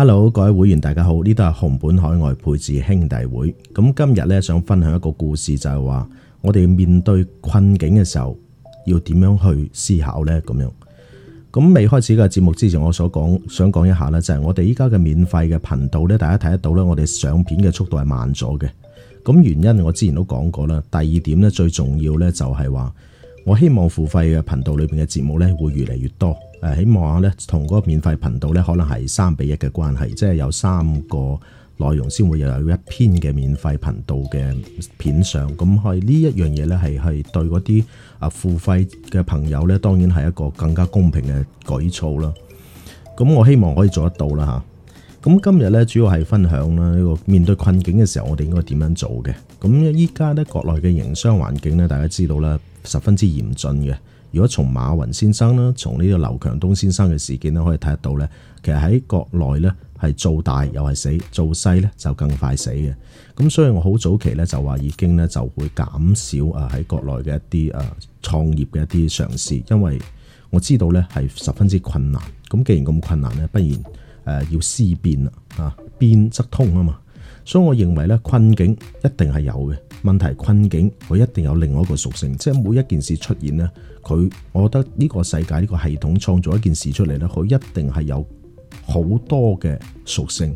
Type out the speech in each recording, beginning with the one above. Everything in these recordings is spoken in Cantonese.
hello，各位會員大家好，呢度係紅本海外配置兄弟會。咁今日咧想分享一個故事，就係話我哋面對困境嘅時候要點樣去思考呢？咁樣咁未開始嘅節目之前，我所講想講一下咧，就係我哋依家嘅免費嘅頻道咧，大家睇得到咧，我哋上片嘅速度係慢咗嘅。咁原因我之前都講過啦，第二點咧最重要咧就係話。我希望付費嘅頻道裏邊嘅節目咧會越嚟越多。誒，希望咧同嗰個免費頻道咧可能係三比一嘅關係，即係有三個內容先會有一篇嘅免費頻道嘅片上。咁係呢一樣嘢咧係係對嗰啲啊付費嘅朋友咧，當然係一個更加公平嘅舉措啦。咁我希望可以做得到啦吓。咁今日咧主要係分享啦呢個面對困境嘅時候，我哋應該點樣做嘅？咁依家咧國內嘅營商環境咧，大家知道啦。十分之嚴峻嘅。如果從馬雲先生啦，從呢個劉強東先生嘅事件咧，可以睇得到呢，其實喺國內呢係做大又係死，做細呢就更快死嘅。咁所以我好早期呢就話已經呢就會減少啊喺國內嘅一啲啊創業嘅一啲嘗試，因為我知道呢係十分之困難。咁既然咁困難呢，不然誒要思變啊，變則通啊嘛。所以我認為咧，困境一定係有嘅。問題，困境佢一定有另外一個屬性，即係每一件事出現呢，佢我覺得呢個世界呢個系統創造一件事出嚟呢，佢一定係有好多嘅屬性。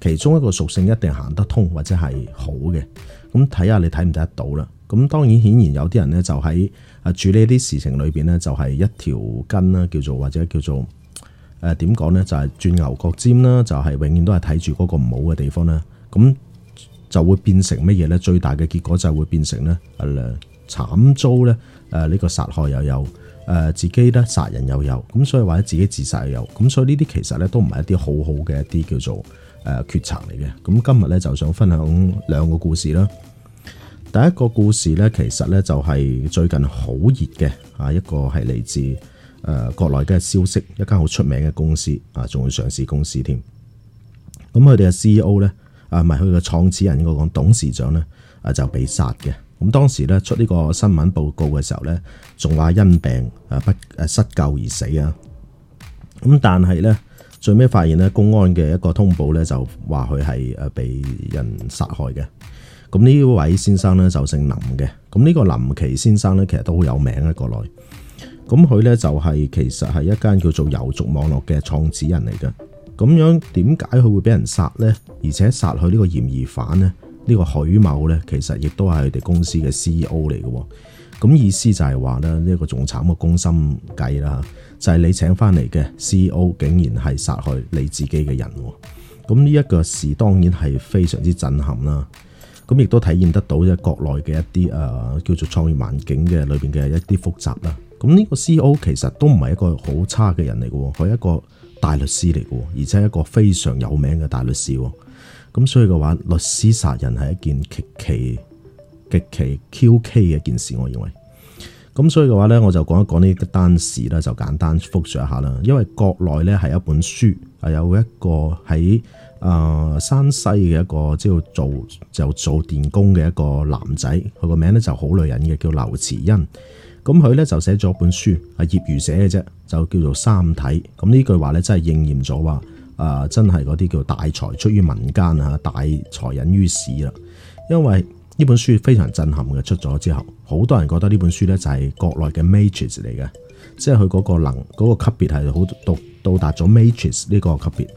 其中一個屬性一定行得通或者係好嘅，咁睇下你睇唔睇得到啦。咁當然顯然有啲人呢，就喺啊處理一啲事情裏邊呢，就係一條筋啦，叫做或者叫做誒點講咧，就係鑽牛角尖啦，就係永遠都係睇住嗰個唔好嘅地方啦。咁就會變成乜嘢呢？最大嘅結果就會變成呢，阿梁慘遭呢，誒、這、呢個殺害又有，誒、呃、自己呢殺人又有，咁所以或者自己自殺又有，咁所以呢啲其實呢都唔係一啲好好嘅一啲叫做誒、呃、決策嚟嘅。咁今日呢就想分享兩個故事啦。第一個故事呢，其實呢就係、是、最近好熱嘅啊，一個係嚟自誒、呃、國內嘅消息，一間好出名嘅公司啊，仲會上市公司添。咁佢哋嘅 C E O 呢。啊，唔係佢嘅創始人應該講董事長咧，啊就被殺嘅。咁當時咧出呢個新聞報告嘅時候咧，仲話因病啊不誒失救而死啊。咁但係咧最尾發現咧，公安嘅一個通報咧就話佢係誒被人殺害嘅。咁呢位先生咧就姓林嘅。咁呢個林奇先生咧其實都好有名嘅國內。咁佢咧就係、是、其實係一間叫做遊族網絡嘅創始人嚟嘅。咁樣點解佢會俾人殺呢？而且殺佢呢個嫌疑犯呢，呢、這個許某呢，其實亦都係佢哋公司嘅 C E O 嚟嘅。咁意思就係話咧，呢、這個仲慘嘅攻心計啦，就係、是、你請翻嚟嘅 C E O 竟然係殺害你自己嘅人。咁呢一個事當然係非常之震撼啦。咁亦都體現得到即國內嘅一啲誒、啊、叫做創業環境嘅裏邊嘅一啲複雜啦。咁呢個 C E O 其實都唔係一個好差嘅人嚟嘅，佢一個。大律師嚟嘅，而且係一個非常有名嘅大律師，咁所以嘅話，律師殺人係一件極其極其蹊蹺嘅一件事，我認為。咁所以嘅話呢，我就講一講呢個單事啦，就簡單複述一下啦。因為國內呢係一本書，係有一個喺誒、呃、山西嘅一個即要、就是、做就做電工嘅一個男仔，佢個名呢就好女人嘅，叫劉慈欣。咁佢咧就寫咗本書，係業餘寫嘅啫，就叫做《三體》。咁呢句話咧真係應驗咗話、呃，真係嗰啲叫大才出於民間啊，大才隱於市啦。因為呢本書非常震撼嘅，出咗之後，好多人覺得呢本書咧就係、係、國內嘅 matrix 嚟嘅，即係佢嗰個能嗰、嗰個級別係好到到達咗 matrix 呢個級別。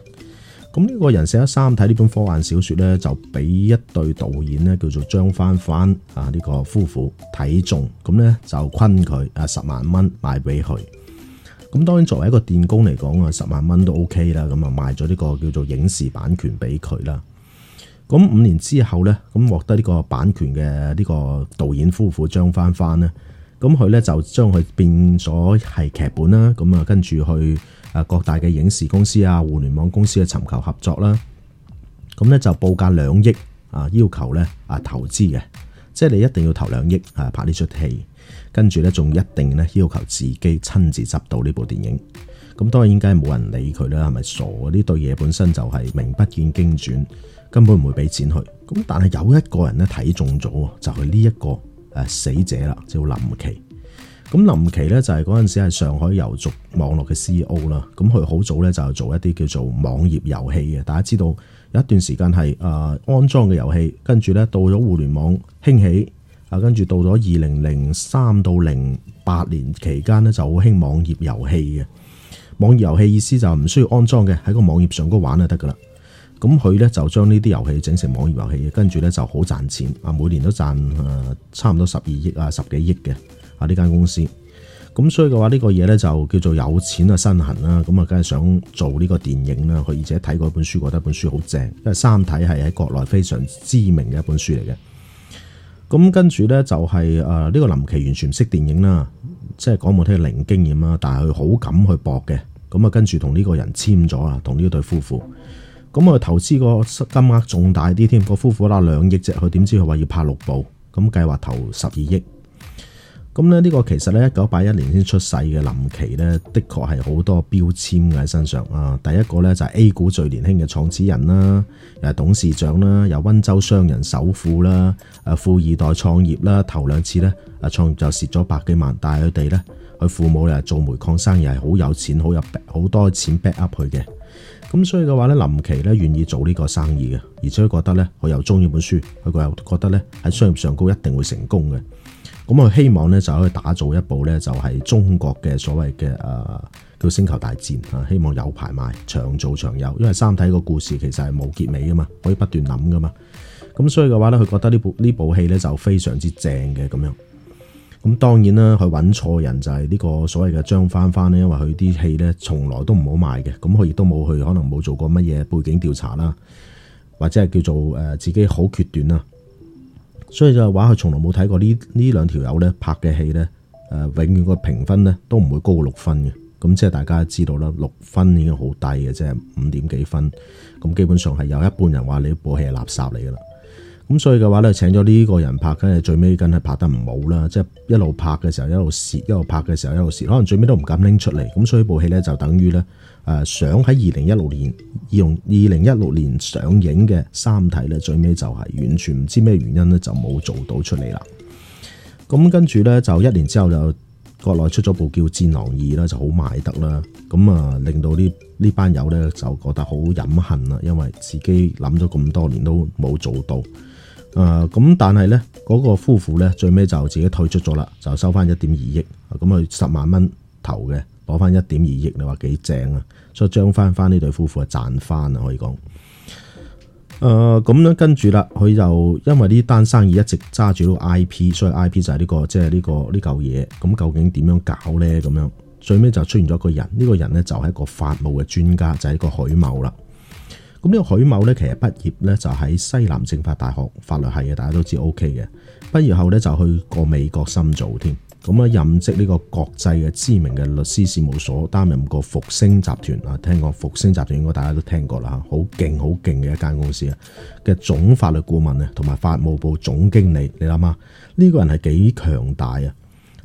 咁呢個人寫咗三體呢本科幻小說咧，就俾一對導演咧，叫做張帆帆啊呢、呢個夫婦睇中，咁咧就昆佢啊十萬蚊賣俾佢。咁當然作為一個電工嚟講啊，十萬蚊都 OK 啦。咁啊賣咗呢個叫做影視版權俾佢啦。咁五年之後咧，咁獲得呢個版權嘅呢個導演夫婦張帆帆咧，咁佢咧就將佢變咗係劇本啦。咁啊跟住去。啊！各大嘅影視公司啊，互聯網公司嘅尋求合作啦，咁呢就報價兩億啊，要求呢啊投資嘅，即係你一定要投兩億啊拍呢出戲，跟住呢，仲一定咧要求自己親自執導呢部電影，咁當然應該冇人理佢啦，係咪傻？呢對嘢本身就係名不見經傳，根本唔會俾錢去。咁但係有一個人呢睇中咗，就係呢一個誒死者啦，叫林奇。咁林奇呢，就係嗰陣時係上海遊族網絡嘅 CEO 啦，咁佢好早呢，就做一啲叫做網頁遊戲嘅。大家知道有一段時間係誒安裝嘅遊戲，跟住呢，到咗互聯網興起啊，跟住到咗二零零三到零八年期間呢，就好興網頁遊戲嘅。網頁遊戲意思就唔需要安裝嘅，喺個網頁上高玩就得噶啦。咁佢呢，就將呢啲遊戲整成網頁遊戲，跟住呢，就好賺錢啊，每年都賺誒、呃、差唔多十二億啊，十幾億嘅。啊！呢間公司咁，所以嘅話呢個嘢呢就叫做有錢啊，身痕啦，咁啊梗係想做呢個電影啦，佢而且睇過本書，覺得本書好正，因為《三體》係喺國內非常知名嘅一本書嚟嘅。咁跟住呢，就係誒呢個林奇完全唔識電影啦，即係講冇聽零經驗啦，但係佢好敢去搏嘅。咁啊跟住同呢個人簽咗啊，同呢對夫婦。咁啊投資個金額仲大啲添，個夫婦攞兩億隻，佢點知佢話要拍六部，咁計劃投十二億。咁咧，呢個其實咧，一九八一年先出世嘅林奇咧，的確係好多標籤喺身上啊。第一個咧就係 A 股最年輕嘅創始人啦，又係董事長啦，又温州商人首富啦，誒，富二代創業啦，頭兩次咧，啊，創業就蝕咗百幾萬，但係佢哋咧，佢父母又係做煤礦生意，係好有錢，好有好多錢 back up 佢嘅。咁所以嘅話咧，林奇咧願意做呢個生意嘅，而且佢覺得咧，佢又中意本書，佢又覺得咧喺商業上高一定會成功嘅。咁佢希望咧就可以打造一部咧就係、是、中國嘅所謂嘅誒叫星球大戰啊，希望有排賣長做長有，因為三體個故事其實係冇結尾噶嘛，可以不斷諗噶嘛。咁所以嘅話咧，佢覺得部部戲呢部呢部戲咧就非常之正嘅咁樣。咁當然啦，佢搵錯人就係呢個所謂嘅張帆帆咧，因為佢啲戲咧從來都唔好賣嘅，咁佢亦都冇去可能冇做過乜嘢背景調查啦，或者係叫做誒、呃、自己好決斷啦。所以就話，佢從來冇睇過呢呢兩條友咧拍嘅戲咧，呃，永遠個評分咧都唔會高過六分嘅。咁即係大家都知道啦，六分已經好低嘅，即係五點幾分。咁基本上係有一半人話呢部戲係垃圾嚟噶啦。咁所以嘅話咧，請咗呢個人拍，梗係最尾梗係拍得唔好啦。即係一路拍嘅時候一路蝕，一路拍嘅時候一路蝕，可能最尾都唔敢拎出嚟。咁所以部戲咧就等於咧。誒、啊、想喺二零一六年二零一六年上映嘅《三體》咧，最尾就係完全唔知咩原因咧，就冇做到出嚟啦。咁、啊、跟住咧，就一年之後就國內出咗部叫《戰狼二》啦，就好賣得啦。咁啊，令到呢呢班友咧就覺得好飲恨啦，因為自己諗咗咁多年都冇做到。咁、啊，但係咧，嗰個夫婦咧最尾就自己退出咗啦，就收翻一點二億，咁佢十萬蚊投嘅。攞翻一點二億，你話幾正啊？所以將翻翻呢對夫婦啊賺翻啊，可以講。誒、呃、咁跟住啦，佢就因為呢單生意一直揸住個 IP，所以 IP 就係呢、這個即係呢個呢嚿嘢。咁、這個、究竟點樣搞呢？咁樣最尾就出現咗個個人。呢、這個人呢，就係、是、一個法務嘅專家，就係、是、一個許某啦。咁呢個許某呢，其實畢業呢，就喺、是、西南政法大學法律系嘅，大家都知 OK 嘅。畢業後呢，就去過美國深造添。咁啊！任職呢個國際嘅知名嘅律師事務所，擔任過復星集團啊。聽講復星集團應該大家都聽過啦，嚇好勁好勁嘅一間公司啊嘅總法律顧問啊，同埋法務部總經理。你諗下，呢個人係幾強大啊？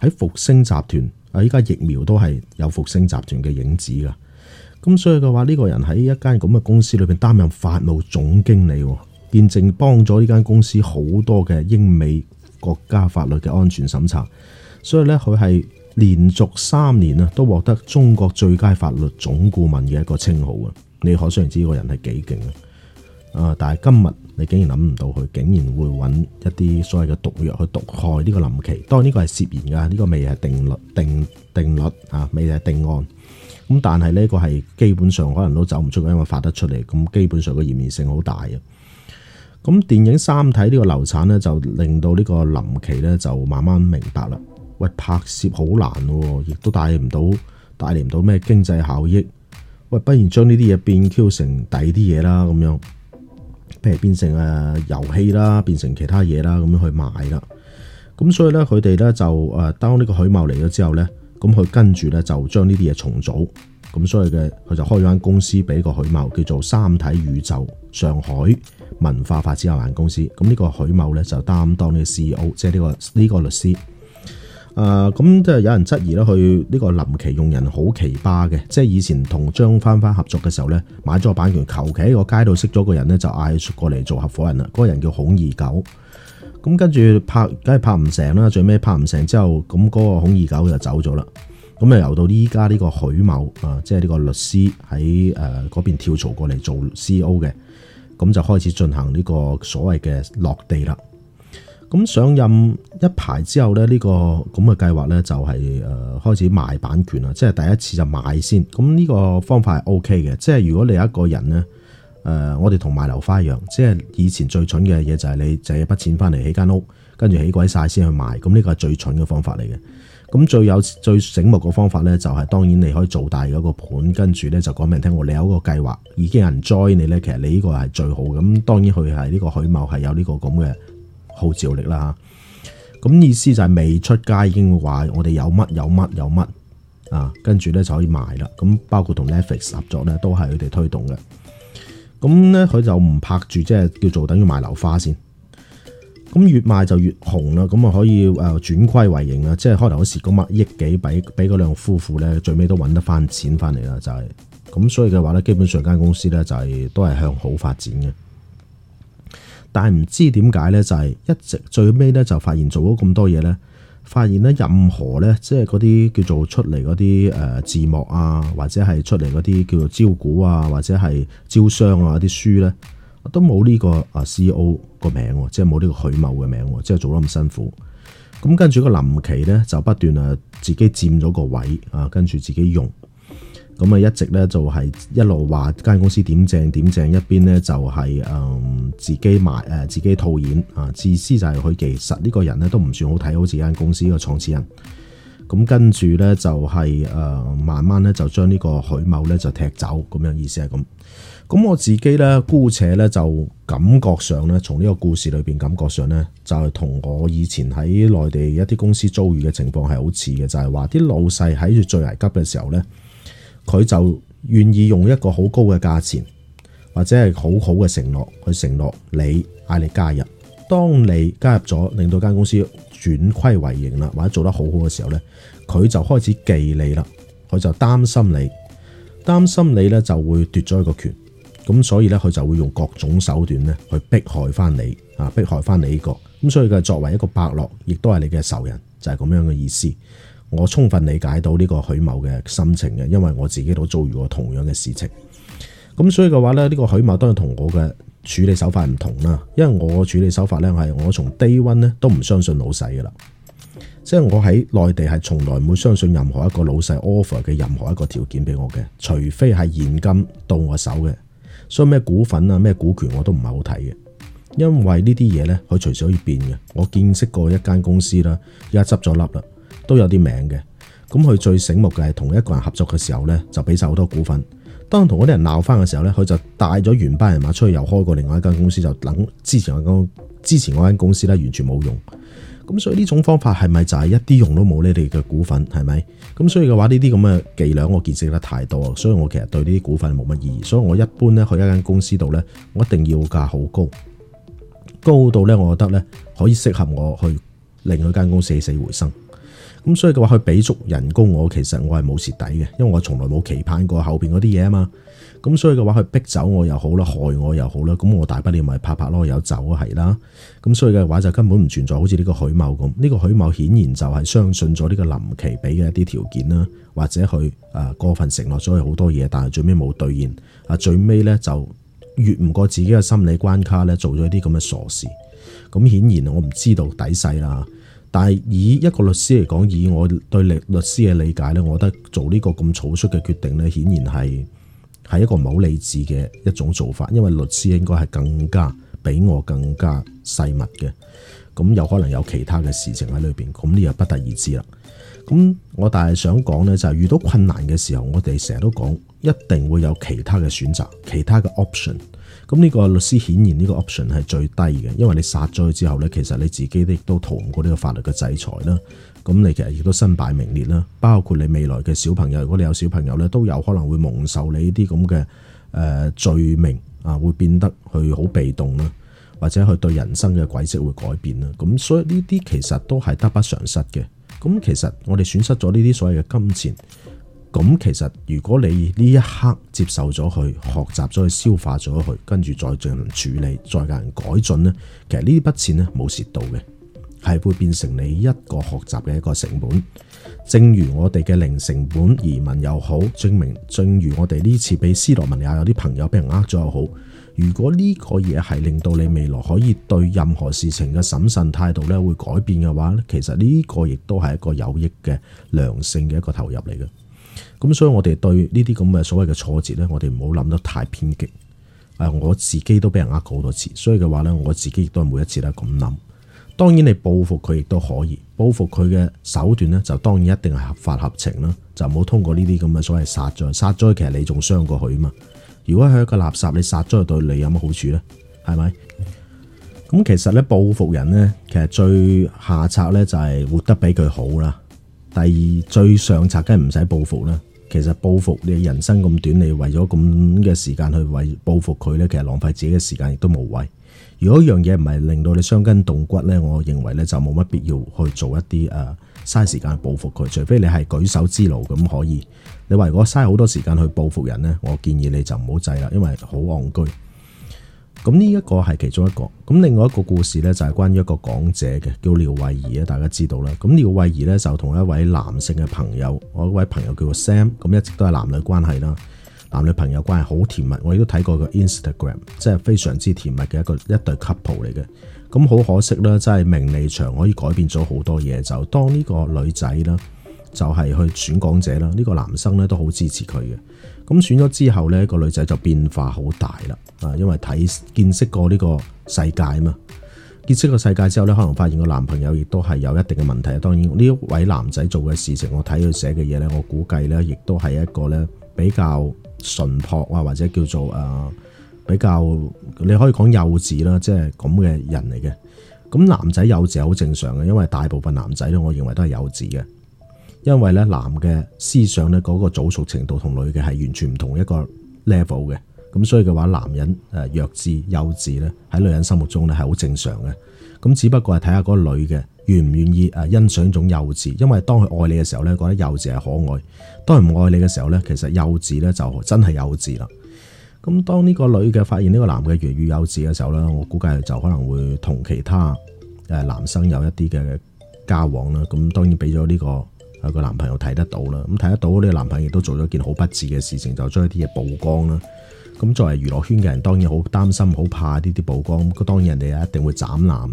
喺復星集團啊，依家疫苗都係有復星集團嘅影子噶。咁所以嘅話，呢個人喺一間咁嘅公司裏邊擔任法務總經理，見證幫咗呢間公司好多嘅英美國家法律嘅安全審查。所以咧，佢係連續三年啊，都獲得中國最佳法律總顧問嘅一個稱號啊。你可想而知呢個人係幾勁啊，啊！但係今日你竟然諗唔到佢，竟然會揾一啲所謂嘅毒藥去毒害呢個林奇。當然呢個係涉嫌㗎，呢個未係定律定定律啊，未係定案。咁但係呢個係基本上可能都走唔出，因為發得出嚟咁，基本上個嫌疑性好大嘅。咁電影《三體》呢個流產呢，就令到呢個林奇呢，就慢慢明白啦。喂，拍攝好難，啊，亦都帶唔到帶嚟唔到咩經濟效益。喂，不然將呢啲嘢變 Q 成第啲嘢啦，咁樣譬如變成誒、呃、遊戲啦，變成其他嘢啦，咁樣去賣啦。咁所以咧，佢哋咧就誒、呃、當呢個許某嚟咗之後咧，咁佢跟住咧就將呢啲嘢重組。咁所以嘅佢就開咗間公司俾個許某叫做《三體宇宙》上海文化發展有限公司。咁呢個許某咧就擔當呢、呢個 C E O，即係呢個呢個律師。誒、呃，咁即係有人質疑咧，去呢個林奇用人好奇葩嘅，即係以前同張帆帆合作嘅時候咧，買咗個版權，求其喺個街度識咗個人咧，就嗌出過嚟做合伙人啦。嗰、那個人叫孔二狗，咁跟住拍，梗係拍唔成啦。最尾拍唔成之後，咁、那、嗰個孔二狗就走咗啦。咁啊，由到依家呢個許某啊，即係呢個律師喺誒嗰邊跳槽過嚟做 CEO 嘅，咁就開始進行呢個所謂嘅落地啦。咁上任一排之後咧，呢個咁嘅計劃呢，就係、是、誒、呃、開始賣版權啦，即係第一次就先賣先。咁呢個方法係 O K 嘅，即係如果你有一個人呢，呃、我哋同賣樓花一樣，即係以前最蠢嘅嘢就係你借一筆錢翻嚟起間屋，跟住起鬼晒先去賣。咁呢個係最蠢嘅方法嚟嘅。咁最有最醒目嘅方法呢，就係、是、當然你可以做大嗰個盤，跟住呢就講俾人聽我你有個個計劃，已經有人 join 你呢。」其實你呢個係最好咁。當然佢係呢個許某係有呢個咁嘅。號召力啦，吓，咁意思就係未出街已經話我哋有乜有乜有乜啊，跟住咧就可以賣啦。咁包括同 Netflix 合作咧，都係佢哋推動嘅。咁咧佢就唔拍住，即係叫做等於賣樓花先。咁越賣就越紅啦，咁啊可以誒、呃、轉虧為盈啦。即係開頭嗰時咁，萬億幾俾俾嗰兩個夫婦咧，最尾都揾得翻錢翻嚟啦，就係、是、咁。所以嘅話咧，基本上間公司咧就係、是、都係向好發展嘅。但係唔知點解咧，就係一直最尾咧就發現做咗咁多嘢咧，發現咧任何咧，即係嗰啲叫做出嚟嗰啲字幕啊，或者係出嚟嗰啲叫做招股啊，或者係招商啊啲書咧，都冇呢個啊 CEO 個名，即係冇呢個許某嘅名，即係做得咁辛苦。咁跟住個林奇咧，就不斷誒自己佔咗個位啊，跟住自己用。咁啊，一直咧就係、是、一路話間公司點正點正一邊呢，一邊咧就係、是、誒、嗯、自己賣誒、呃、自己套現啊。自私就係佢，其實呢個人咧都唔算好睇，好自己間公司嘅創始人。咁跟住咧就係、是、誒、呃、慢慢咧就將呢個許某咧就踢走，咁樣意思係咁。咁我自己咧姑且咧就感覺上咧，從呢個故事裏邊感覺上咧就係、是、同我以前喺內地一啲公司遭遇嘅情況係好似嘅，就係話啲老細喺住最危急嘅時候咧。佢就願意用一個好高嘅價錢，或者係好好嘅承諾去承諾你，嗌你加入。當你加入咗，令到間公司轉虧為盈啦，或者做得好好嘅時候呢，佢就開始忌你啦，佢就擔心你，擔心你呢就會奪咗一個權，咁所以呢，佢就會用各種手段呢去迫害翻你，啊迫害翻你呢個，咁所以佢作為一個伯樂，亦都係你嘅仇人，就係咁樣嘅意思。我充分理解到呢個許某嘅心情嘅，因為我自己都遭遇過同樣嘅事情。咁所以嘅話咧，呢個許某當然同我嘅處理手法唔同啦。因為我嘅處理手法咧係我從 day one 咧都唔相信老細噶啦，即係我喺內地係從來冇相信任何一個老細 offer 嘅任何一個條件俾我嘅，除非係現金到我手嘅。所以咩股份啊咩股權我都唔係好睇嘅，因為呢啲嘢咧佢隨時可以變嘅。我見識過一間公司啦，而家執咗笠啦。都有啲名嘅，咁佢最醒目嘅，係同一個人合作嘅時候呢，就俾晒好多股份。當同嗰啲人鬧翻嘅時候呢，佢就帶咗原班人馬出去，又開過另外一間公司，就等之前嗰間，之前嗰間公司咧完全冇用。咁所以呢種方法係咪就係一啲用都冇咧？你哋嘅股份係咪咁？所以嘅話呢啲咁嘅伎倆，這這技量我見識得太多，所以我其實對呢啲股份冇乜意義。所以我一般呢，去一間公司度呢，我一定要價好高，高到呢，我覺得呢，可以適合我去另外一間公司死死回生。咁所以嘅話，佢俾足人工我，其實我係冇蝕底嘅，因為我從來冇期盼過後邊嗰啲嘢啊嘛。咁所以嘅話，佢逼走我又好啦，害我又好啦。咁我大不了咪拍拍咯，有走係啦。咁所以嘅話就根本唔存在，好似呢個許某咁。呢個許某顯然就係相信咗呢個林奇俾嘅一啲條件啦，或者佢誒過分承諾咗好多嘢，但係最尾冇兌現。啊，最尾咧就越唔過自己嘅心理關卡咧，做咗啲咁嘅傻事。咁顯然我唔知道底細啦、啊。但係以一個律師嚟講，以我對律律師嘅理解咧，我覺得做呢個咁草率嘅決定咧，顯然係一個唔好理智嘅一種做法，因為律師應該係更加比我更加細密嘅，咁有可能有其他嘅事情喺裏面，咁呢又不得而知啦。咁我但係想講咧，就係遇到困難嘅時候，我哋成日都講一定會有其他嘅選擇，其他嘅 option。咁、這、呢個律師顯然呢個 option 係最低嘅，因為你殺咗佢之後呢，其實你自己亦都逃唔過呢個法律嘅制裁啦。咁你其實亦都身敗名裂啦。包括你未來嘅小朋友，如果你有小朋友呢，都有可能會蒙受你呢啲咁嘅罪名啊，會變得去好被動啦，或者去對人生嘅軌跡會改變啦。咁所以呢啲其實都係得不償失嘅。咁其實我哋損失咗呢啲所謂嘅金錢。咁，其實如果你呢一刻接受咗佢，學習咗佢，消化咗佢，跟住再進行處理，再進行改進呢，其實呢筆錢呢，冇蝕到嘅，係會變成你一個學習嘅一個成本。正如我哋嘅零成本移民又好，證明正如我哋呢次俾斯洛文尼亞有啲朋友俾人呃咗又好。如果呢個嘢係令到你未來可以對任何事情嘅審慎態度呢會改變嘅話咧，其實呢個亦都係一個有益嘅良性嘅一個投入嚟嘅。咁所以我們所，我哋對呢啲咁嘅所謂嘅挫折呢，我哋唔好諗得太偏激。誒，我自己都俾人呃過好多次，所以嘅話呢，我自己亦都係每一次都係咁諗。當然，你報復佢亦都可以，報復佢嘅手段呢，就當然一定係合法合情啦，就唔好通過呢啲咁嘅所謂殺咗。殺咗其實你仲傷過佢啊嘛。如果係一個垃圾，你殺咗佢對你有乜好處呢？係咪？咁其實呢，報復人呢，其實最下策呢就係活得比佢好啦。第二最上策梗係唔使報復啦。其實報復，你人生咁短，你為咗咁嘅時間去為報復佢呢，其實浪費自己嘅時間亦都無謂。如果一樣嘢唔係令到你傷筋動骨呢，我認為呢就冇乜必要去做一啲誒，嘥時間去報復佢。除非你係舉手之勞咁可以，你話如果嘥好多時間去報復人呢，我建議你就唔好制啦，因為好戇居。咁呢一個係其中一個，咁另外一個故事呢，就係、是、關於一個港姐嘅，叫廖慧儀，大家知道啦。咁廖慧儀呢，就同一位男性嘅朋友，我一位朋友叫做 Sam，咁一直都係男女關係啦，男女朋友關係好甜蜜。我亦都睇過個 Instagram，即係非常之甜蜜嘅一個一對 couple 嚟嘅。咁好可惜啦，真係名利場可以改變咗好多嘢。就當呢個女仔啦，就係、是、去選港姐啦，呢、這個男生呢，都好支持佢嘅。咁選咗之後呢個女仔就變化好大啦，啊，因為睇見識過呢個世界嘛，見識個世界之後呢，可能發現個男朋友亦都係有一定嘅問題。當然呢一位男仔做嘅事情，我睇佢寫嘅嘢呢，我估計呢亦都係一個呢比較純樸啊，或者叫做啊、呃、比較你可以講幼稚啦，即係咁嘅人嚟嘅。咁男仔幼稚係好正常嘅，因為大部分男仔呢，我認為都係幼稚嘅。因為咧，男嘅思想咧嗰個早熟程度同女嘅係完全唔同一個 level 嘅，咁所以嘅話，男人誒弱智、幼稚咧喺女人心目中咧係好正常嘅。咁只不過係睇下嗰個女嘅願唔願意誒欣賞一種幼稚，因為當佢愛你嘅時候咧，覺得幼稚係可愛；當佢唔愛你嘅時候咧，其實幼稚咧就真係幼稚啦。咁當呢個女嘅發現呢個男嘅越嚟越幼稚嘅時候咧，我估計就可能會同其他誒男生有一啲嘅交往啦。咁當然俾咗呢個，有個男朋友睇得到啦，咁睇得到呢個男朋友亦都做咗件好不智嘅事情，就將一啲嘢曝光啦。咁作為娛樂圈嘅人，當然好擔心，好怕呢啲曝光。咁當然人哋一定會斬纜啦。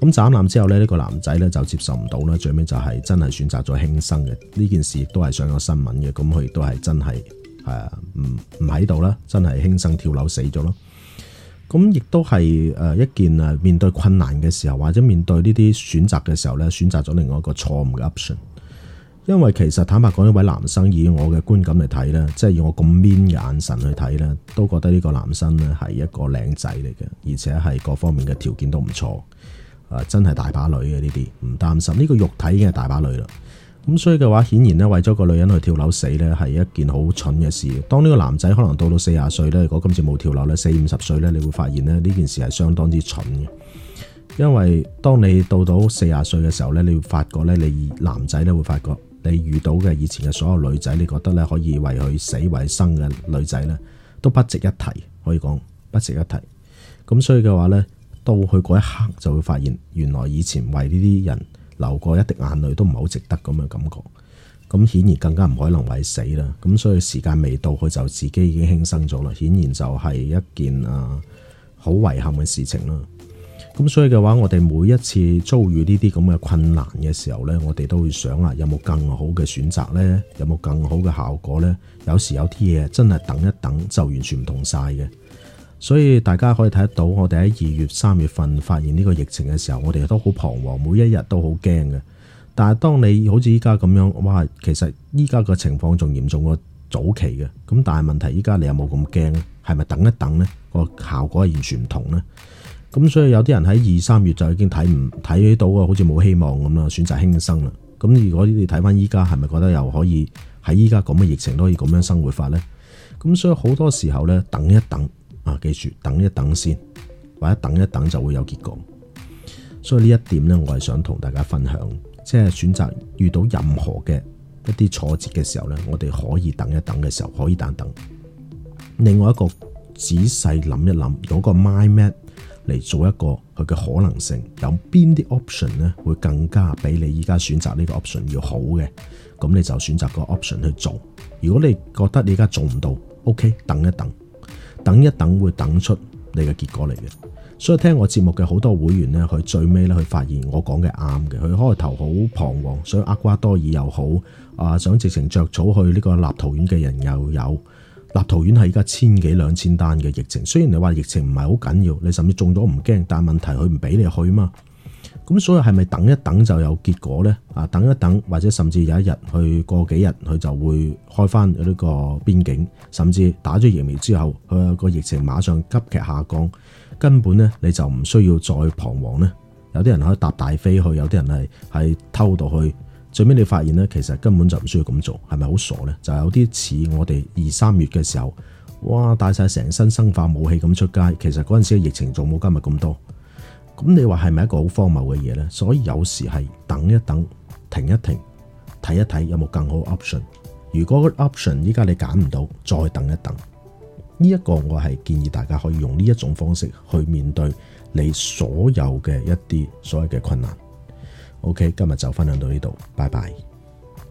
咁斬纜之後咧，呢個男仔咧就接受唔到啦，最尾就係真係選擇咗輕生嘅呢件事，亦都係上咗新聞嘅。咁佢亦都係真係誒唔唔喺度啦，真係輕生跳樓死咗咯。咁亦都係誒一件誒面對困難嘅時候，或者面對呢啲選擇嘅時候咧，選擇咗另外一個錯誤嘅 option。因為其實坦白講，一位男生以我嘅觀感嚟睇咧，即係以我咁 mean 眼神去睇咧，都覺得呢個男生咧係一個靚仔嚟嘅，而且係各方面嘅條件都唔錯，啊真係大把女嘅呢啲，唔擔心呢個肉體已經係大把女啦。咁所以嘅話，顯然咧為咗個女人去跳樓死咧係一件好蠢嘅事。當呢個男仔可能到到四啊歲咧，如果今次冇跳樓咧，四五十歲咧，你會發現咧呢件事係相當之蠢嘅。因為當你到到四啊歲嘅時候咧，你會發覺咧，你男仔咧會發覺。你遇到嘅以前嘅所有女仔，你覺得咧可以為佢死為生嘅女仔咧，都不值一提，可以講不值一提。咁所以嘅話咧，到佢嗰一刻就會發現，原來以前為呢啲人流過一滴眼淚都唔係好值得咁嘅感覺。咁顯然更加唔可能為死啦。咁所以時間未到，佢就自己已經輕生咗啦。顯然就係一件啊好遺憾嘅事情啦。咁所以嘅話，我哋每一次遭遇呢啲咁嘅困難嘅時候呢，我哋都會想啊，有冇更好嘅選擇呢？有冇更好嘅效果呢？有時有啲嘢真係等一等就完全唔同晒嘅。所以大家可以睇得到，我哋喺二月、三月份發現呢個疫情嘅時候，我哋都好彷徨，每一日都好驚嘅。但係當你好似依家咁樣，哇，其實依家個情況仲嚴重過早期嘅。咁但係問題現在沒有害怕，依家你有冇咁驚？係咪等一等呢？個效果係完全唔同呢？咁所以有啲人喺二三月就已經睇唔睇到啊，好似冇希望咁啦，選擇輕生啦。咁如果你睇翻依家，係咪覺得又可以喺依家咁嘅疫情都可以咁樣生活法呢？咁所以好多時候呢，等一等啊，記住等一等先，或者等一等就會有結果。所以呢一點呢，我係想同大家分享，即係選擇遇到任何嘅一啲挫折嘅時候呢，我哋可以等一等嘅時候可以等等。另外一個仔細諗一諗嗰個 mindset 嚟做一個佢嘅可能性有邊啲 option 咧，會更加比你依家選擇呢個 option 要好嘅，咁你就選擇個 option 去做。如果你覺得你依家做唔到，OK，等一等，等一等會等出你嘅結果嚟嘅。所以聽我節目嘅好多會員咧，佢最尾咧，佢發現我講嘅啱嘅，佢開頭好彷徨，想厄瓜多爾又好啊、呃，想直情着草去呢個立陶宛嘅人又有。立陶宛係而家千幾兩千單嘅疫情，雖然你話疫情唔係好緊要，你甚至中咗唔驚，但係問題佢唔俾你去嘛。咁所以係咪等一等就有結果呢？啊，等一等或者甚至有一日去過幾日，佢就會開翻佢呢個邊境，甚至打咗疫苗之後，佢個疫情馬上急劇下降，根本呢，你就唔需要再彷徨呢。有啲人可以搭大飛去，有啲人係係偷到去。最尾你發現咧，其實根本就唔需要咁做，係咪好傻呢？就有啲似我哋二三月嘅時候，哇，帶晒成身生化武器咁出街，其實嗰陣時嘅疫情仲冇今日咁多。咁你話係咪一個好荒謬嘅嘢呢？所以有時係等一等，停一停，睇一睇有冇更好 option。如果 option 依家你揀唔到，再等一等。呢一個我係建議大家可以用呢一種方式去面對你所有嘅一啲所謂嘅困難。OK，今日就分享到呢度，拜拜。